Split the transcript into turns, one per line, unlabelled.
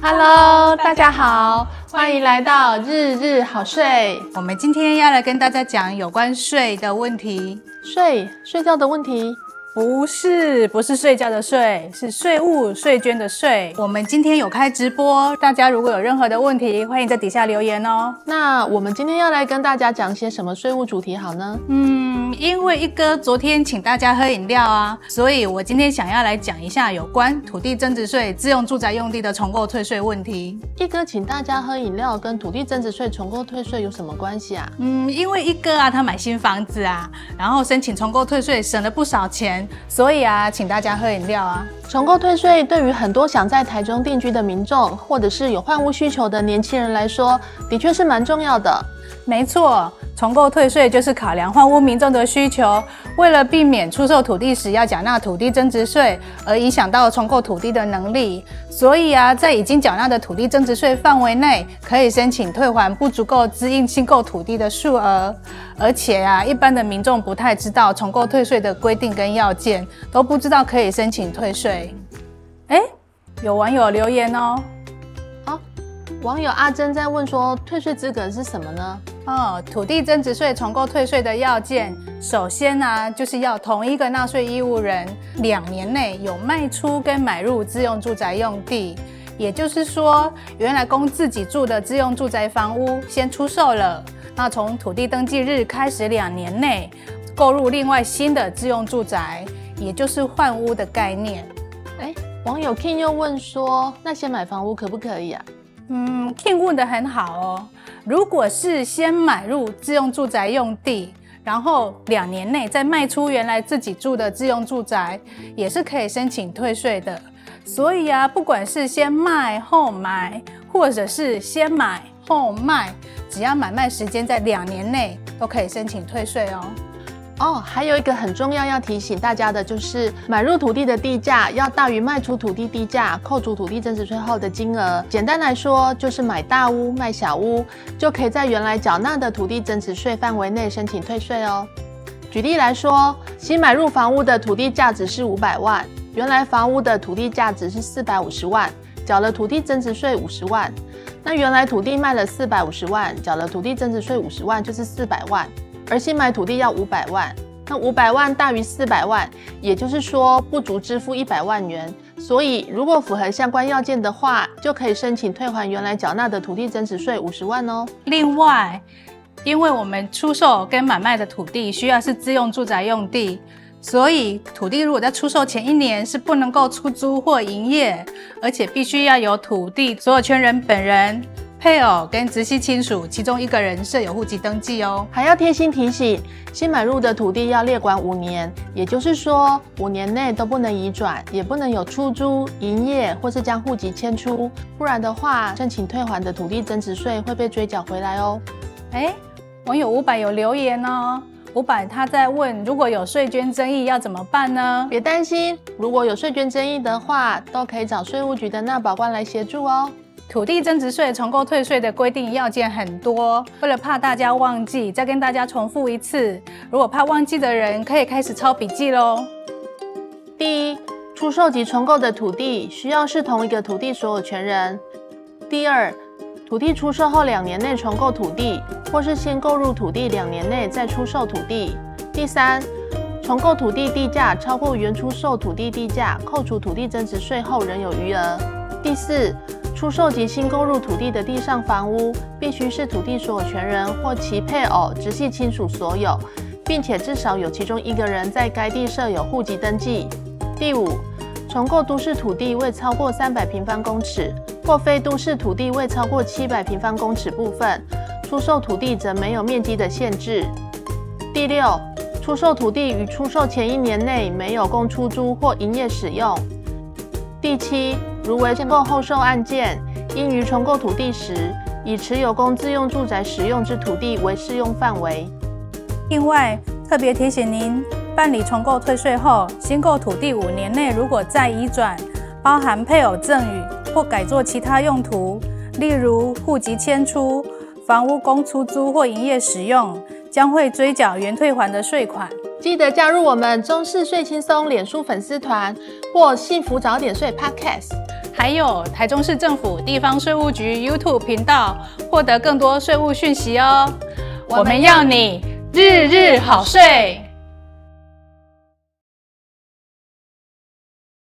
Hello，大家好，歡迎來到日日好稅。我們今天要來跟大家講有關稅的問題，稅，睡覺的問題，不是不是睡覺的睡，是稅務稅捐的稅。我們今天有開直播，大家如果有任何的問題，歡迎在底下留言哦。那我
們今天要來跟大家講些什麼稅務主題好呢？嗯。
因為一哥昨天請大家喝飲料啊，所以我今天想要來講一下有關土地增值稅自用住宅用地的重購退稅問題。
一哥請大家喝飲料跟土地增值稅重購退稅
有什麼關係啊？嗯，因為一哥啊他買新房子啊，然後申請重購退稅省
了不少錢，所以啊請大家喝飲料啊。重購退稅對於很多想在台中定居的民眾，或者是有換屋需求的年輕人來說，的確是蠻重要的。
沒錯，重購退稅就是考量換屋民眾的需求，為了避免出售土地時要繳納土地增值稅而影響到重購土地的能力，所以啊，在已經繳納的土地增值稅範圍內，可以申請退還不足夠支應新購土地的數額。而且啊，一般的民眾不太知道重購退稅的規定跟要件，都不知道可以申請退稅。誒，有網友留言哦。網友阿珍在問說：退稅資格是什麼呢？哦，土地增值稅重購退稅的要件，首先呢、啊、就是要同一個納稅義務人兩年內有賣出跟買入自用住宅用地，也就是說，原來供自己住的自用住宅房屋先出售了，那從土地登記日開始兩年內購入另外新的自用住宅，也就是換屋的概念。哎、欸，網友 King 又問說：那先買房屋可不可以啊？嗯，King 問得很好哦。如果是先買入自用住宅用地，然後兩年內再賣出原來自己住的自用住宅，也是可以申請退稅的。所以啊，不管是先賣後買，或者是先買後賣，只要買賣時間在兩年內，都可以申請退稅哦。
哦，還有一個很重要要提醒大家的，就是買入土地的地價要大於賣出土地地價扣除土地增值稅後的金額。簡單來說，就是買大屋賣小屋，就可以在原來繳納的土地增值稅範圍內申請退稅哦。舉例來說，新買入房屋的土地價值是五百萬，原來房屋的土地價值是四百五十萬，繳了土地增值稅五十萬。那原來土地賣了四百五十萬，繳了土地增值稅五十萬，就是四百萬。而新買土地要五百萬，那五百萬大於四百萬，也就是說不足支付一百萬元，所以如果符合相關要件的話，就可以申請退還原來繳納的土地增值稅五十萬哦。另外，
因為我們出售跟買賣的土地需要是自用住宅用地，所以土地如果在出售前一年是不能夠出租或營業，而且必須要有土地所有權人本人。配偶跟直系親屬其中一個人
設有戶籍登記哦，還要貼心提醒，新買入的土地要列管五年，也就是說五年內都不能移轉，也不能有出租、營業或是將戶籍遷出，不然的話，申請退還的土地增值稅會被追繳回來哦。
哎，網友五百有留言哦，五百他在問，如果有稅捐爭議要怎麼辦呢？別擔心，如果有稅捐爭議的話，都可以找稅務局的納保官來協助哦。土地增值稅重購退稅的規定要件很多，為了怕大家忘記，再跟大家重複一次。如果怕忘記的人，可以開始抄筆記
嘍。第一，出售及重購的土地需要是同一個土地所有權人。第二，土地出售後兩年內重購土地，或是先購入土地兩年內再出售土地。第三，重購土地地價超過原出售土地地價，扣除土地增值稅後仍有餘額。第四，出售及新購入土地的地上房屋，必須是土地所有權人或其配偶、直系親屬所有，並且至少有其中一個人在該地設有戶籍登記。第五，重購都市土地未超過三百平方公尺，或非都市土地未超過七百平方公尺部分，出售土地則沒有面積的限制。第六，出售土地於出售前一年內沒有供出租或營業使用。第七，如為先購後售案件，應於重購土地時，以持有供自用住宅使用之土地為適用範圍。另外，特別提醒您，辦理重購
退稅後，新購土地五年內如果再移轉，包含配偶贈與或改作其他用途，例如戶籍遷出、房屋供出租或營業使用，將會追繳原退還的稅款。記得加入我們中市稅輕鬆臉書粉絲團或幸福早點稅 Podcast。還有臺中市政府地方稅務局 YouTube 頻道，獲得更多稅務訊息哦。我們要你日日好稅。